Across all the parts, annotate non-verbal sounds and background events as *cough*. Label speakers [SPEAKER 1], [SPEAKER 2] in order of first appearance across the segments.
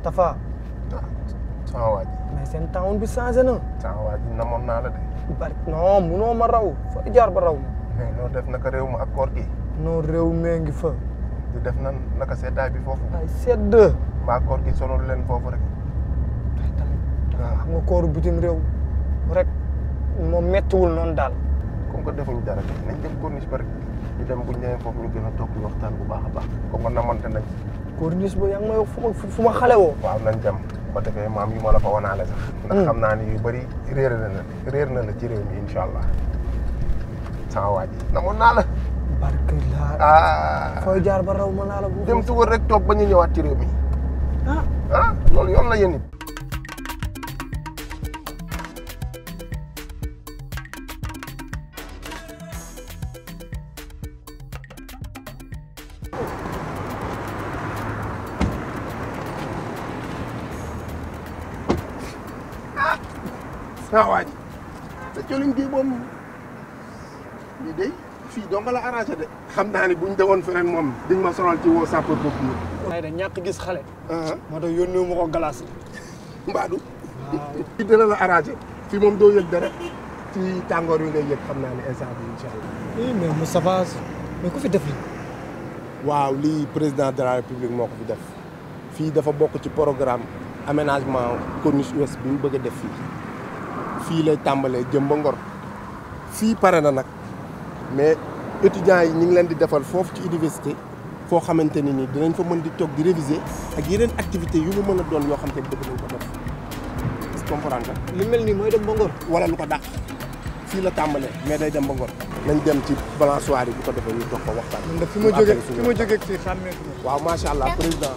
[SPEAKER 1] Tafa. ah sama waa ji. mais seen taawun bi changé na. sama waa ji namoon naa la de. barke non munoo ma raw fa jaar ba raw ma. mais noo def naka réew ma ak koor gi. non réew mee ngi fa. di def na naka seddaay bi foofu. ay sedd. mbaa koor gi sonal leen foofu rek. waaw ah. xam nga kooru bitim réew rek moom mettiwul noonu daal. comme que defuñu dara nañ dem corniche ba rek ñu dem bu ñu foofu ñu gën a toog di waxtaan bu baax a baax. comme que namante nañ. corniche ba yaa ngi may wax fu ma fu ma xale waaw nañ dem. ko defee maam yu ma la ko wanaale sax. ndax hmm. xam naa ni yu bëri réer na la réer na la ci réew mi incha allah. sama waaj namoon naa la. barke laa. Ah. fooy jaar ba raw ma naa la. dem si wër rek toog ba ñu ñëwaat ci réew mi. ah ah loolu yoon la yéen it. sans waaj te colin gi moom lii de fii doo nga la arrangé de. xam naa ne bu ñu demoon moom diñ ma sonal ci woo sapeur boobu moom. waaye da ñàkk gis xale. Ah. moo tax yónnee ma ko glace yi. Mbadou. waaw *laughs* fii dina la arrangé. fii moom doo yëg dara ci tàngoor wi ngay yëg xam naa ne instant bi incha allah. oui mais fi def waaw lii président de la république moo ko fi def fii dafa bokk ci programme aménagement corniche ouest bi mu bëgg a def fii. fii lay tàmbalee jëm ba Ngor fii pare na nag mais étudiants yi ñu ngi leen di defal foofu ci université foo xamante ni nii dinañ fa mën di toog di réviser ak yeneen activité yu mu mën a doon yoo xam te bëgg nañ ko def est-ce que comprendre nga li mel nii mooy dem ba Ngor wala lu ko dàq fii la tàmbalee mais day dem ba Ngor nañ dem ci balançoire yi bu ko defee ñu toog ko waxtaan man de fi ma jógee fi ma jógee fii xàmmee waaw macha allah président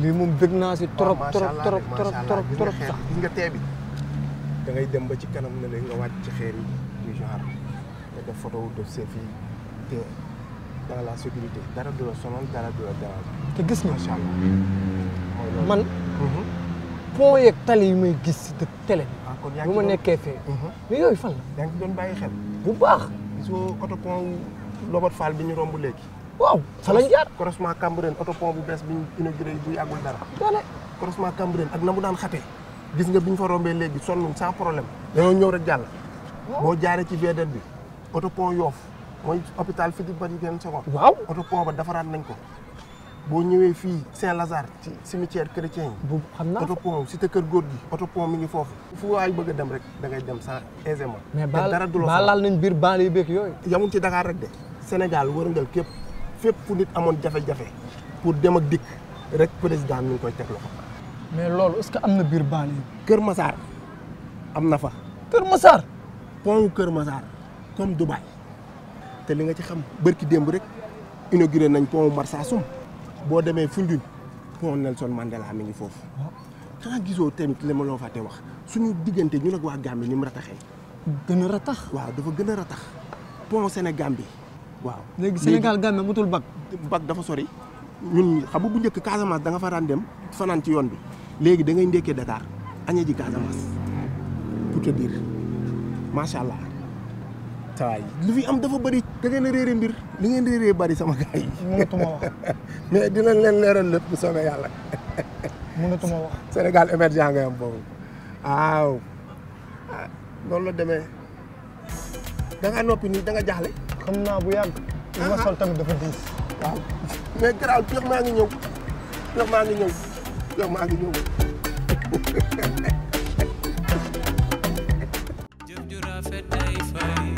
[SPEAKER 1] lii moom bëgg naa si trop trop trop trop trop trop sax gis nga tee da ngay dem ba ci kanam ne nga wàcc ci xeer yi du genre nga def photo wu def selfie te la sécurité dara du la te gis nga macha allah man mhm. pont yeeg tali yi may gis si dëkk télé bi ah, bu ma nekkee fee mhm. yooyu fan la yaa ngi doon bàyyi xel bu baax gisoo oto pont Lobat Fall bi ñu romb léegi waaw fa lañ jaar croisement Cambérène bu bees bi ñu inauguré bu dara doole croisement ak na mu daan xatee gis nga bi ñu fa rombee léegi sonnum sans problème dañoo ñëw rek jàll boo jaaree ci VDN bi autopont Yoff mooy hôpital Philippe Badiguène Senghor waaw autopont ba defaraat nañ ko boo ñëwee fii Saint-Lazare ci cimetière chrétien yi. bu xam naa autopont cité kër góor gi. autopont mi ngi foofu. fu waay bëgg dem rek da ngay dem sans aisément. te dara du la mais baal baal nañ biir baal yi beeg yooyu. yamul ci Dakar rek de. Sénégal wërngal képp. fépp fu nit amoon jafe-jafe pour dem ak dikk rek président mi ngi koy teg loxo. mais loolu est-ce que am na biir Banlieue. Kër Massar am na fa. Kër Massar. pont Kër Massar comme Dubaï te li nga ci xam bërki démb rek inauguré nañ pont Marsassoum boo demee Foundiougne pont Nelson Mandela mi ngi foofu. xanaa gisoo tamit li ma loo fàtte wax suñu diggante ñu nag waa Gambie ni mu rataxee. gën a ratax. waaw dafa gën a ratax pont Sénégambie. waaw léegi Sénégal Gambie mutul bag bag dafa sori ñun xam bu njëkk Casamance danga nga dem fanaan ci yoon bi léegi da ngay ndékkee Dakar añee ji Casamance pour te dire allah tawaay lu fi am dafa bari da ngeen a réere mbir li ngeen réeree bëri sama gars yi wax *laughs* mais dinañ leen leeral lépp bu soobee yàlla mënatuma wax *laughs* Sénégal émergent ngay am boobu waaw loolu ah, la deme da nga noppi nii da nga xam naa bu yàgg. li ma sol tamit dafa ngi ñëw pex maa ngi ñëw pex maa ngi ñëw. jëf ju fay.